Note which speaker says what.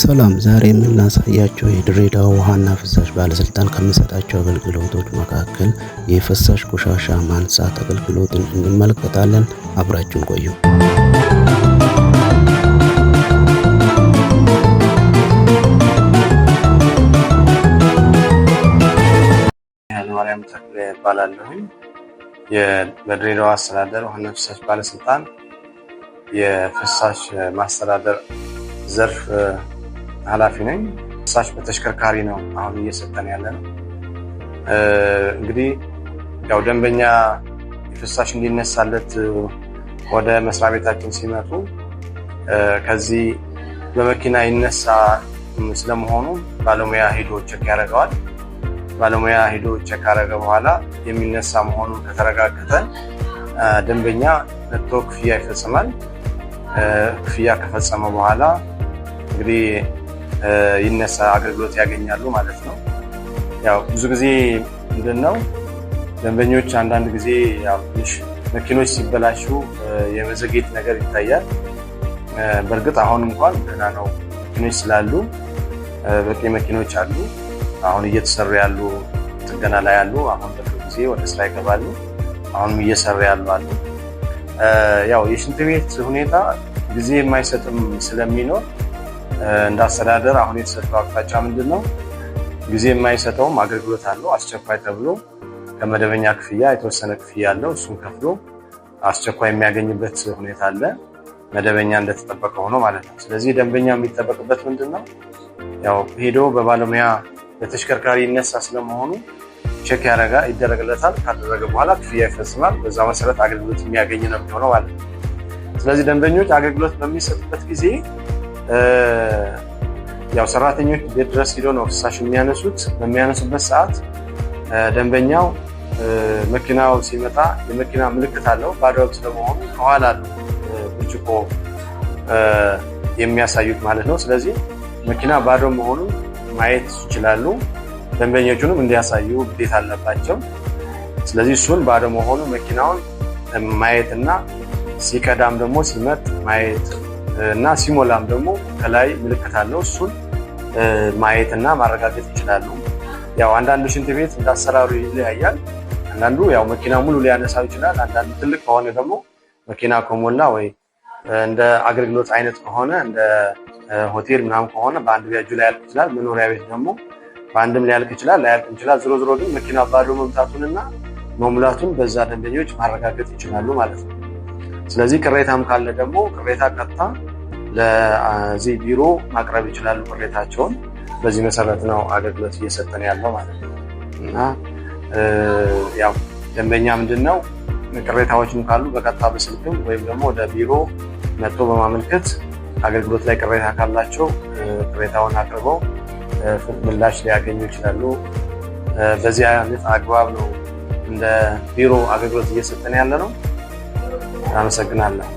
Speaker 1: ሰላም ዛሬ የምናሳያቸው የድሬዳዋ ውሃና ፍሳሽ ባለስልጣን ከሚሰጣቸው አገልግሎቶች መካከል የፍሳሽ ቆሻሻ ማንሳት አገልግሎትን እንመለከታለን። አብራችን ቆዩ።
Speaker 2: ኃይለማርያም ተክሌ እባላለሁኝ። በድሬዳዋ አስተዳደር ውሃና ፍሳሽ ባለስልጣን የፍሳሽ ማስተዳደር ዘርፍ ኃላፊ ነኝ። እሳች በተሽከርካሪ ነው አሁን እየሰጠን ያለ ነው። እንግዲህ ያው ደንበኛ የፍሳሽ እንዲነሳለት ወደ መስሪያ ቤታችን ሲመጡ ከዚህ በመኪና ይነሳ ስለመሆኑ ባለሙያ ሂዶ ቸክ ያደርገዋል። ባለሙያ ሂዶ ቸክ ካደረገ በኋላ የሚነሳ መሆኑን ከተረጋገጠ ደንበኛ መጥቶ ክፍያ ይፈጽማል። ክፍያ ከፈጸመ በኋላ እንግዲህ ይነሳ አገልግሎት ያገኛሉ ማለት ነው። ያው ብዙ ጊዜ ምንድን ነው ደንበኞች አንዳንድ ጊዜ ትንሽ መኪኖች ሲበላሹ የመዘግየት ነገር ይታያል። በእርግጥ አሁን እንኳን ደህና ነው መኪኖች ስላሉ በቂ መኪኖች አሉ። አሁን እየተሰሩ ያሉ ጥገና ላይ ያሉ አሁን በቅርብ ጊዜ ወደ ስራ ይገባሉ። አሁንም እየሰሩ ያሉ አሉ። ያው የሽንት ቤት ሁኔታ ጊዜ የማይሰጥም ስለሚኖር እንደ አስተዳደር አሁን የተሰጠው አቅጣጫ ምንድን ነው? ጊዜ የማይሰጠውም አገልግሎት አለው አስቸኳይ ተብሎ ከመደበኛ ክፍያ የተወሰነ ክፍያ አለው። እሱን ከፍሎ አስቸኳይ የሚያገኝበት ሁኔታ አለ፣ መደበኛ እንደተጠበቀ ሆኖ ማለት ነው። ስለዚህ ደንበኛ የሚጠበቅበት ምንድን ነው? ያው ሄዶ በባለሙያ በተሽከርካሪ ይነሳ ስለመሆኑ ቼክ ያደረጋ ይደረግለታል። ካደረገ በኋላ ክፍያ ይፈጽማል። በዛ መሰረት አገልግሎት የሚያገኝ ነው የሚሆነው ማለት ነው። ስለዚህ ደንበኞች አገልግሎት በሚሰጡበት ጊዜ ያው ሰራተኞች ቤት ድረስ ሂዶ ነው ፍሳሽ የሚያነሱት። በሚያነሱበት ሰዓት ደንበኛው መኪናው ሲመጣ የመኪና ምልክት አለው። ባዶ ስለመሆኑ ከኋላ ብርጭቆ የሚያሳዩት ማለት ነው። ስለዚህ መኪና ባዶ መሆኑ ማየት ይችላሉ። ደንበኞቹንም እንዲያሳዩ ግዴታ አለባቸው። ስለዚህ እሱን ባዶ መሆኑ መኪናውን ማየትና ሲቀዳም ደግሞ ሲመጥ ማየት እና ሲሞላም ደግሞ ከላይ ምልክት አለው እሱን ማየት እና ማረጋገጥ ይችላሉ። ያው አንዳንዱ ሽንት ቤት እንዳሰራሩ ይለያያል። አንዳንዱ ያው መኪና ሙሉ ሊያነሳው ይችላል። አንዳንዱ ትልቅ ከሆነ ደግሞ መኪና ከሞላ ወይ እንደ አገልግሎት አይነት ከሆነ እንደ ሆቴል ምናምን ከሆነ በአንድ ቢያጁ ላይ ያልቅ ይችላል። መኖሪያ ቤት ደግሞ በአንድም ሊያልቅ ይችላል፣ ላያልቅ ይችላል። ዝሮ ዝሮ ግን መኪና ባዶ እና መሙላቱን በዛ ደንበኞች ማረጋገጥ ይችላሉ ማለት ነው። ስለዚህ ቅሬታም ካለ ደግሞ ቅሬታ ቀጥታ ለዚህ ቢሮ ማቅረብ ይችላሉ ቅሬታቸውን። በዚህ መሰረት ነው አገልግሎት እየሰጠን ያለው ማለት ነው እና ያው ደንበኛ ምንድን ነው ቅሬታዎችም ካሉ በቀጥታ በስልክም ወይም ደግሞ ወደ ቢሮ መጥቶ በማመልከት አገልግሎት ላይ ቅሬታ ካላቸው ቅሬታውን አቅርበው ምላሽ ሊያገኙ ይችላሉ። በዚህ አይነት አግባብ ነው እንደ ቢሮ አገልግሎት እየሰጠን ያለ ነው። አመሰግናለሁ።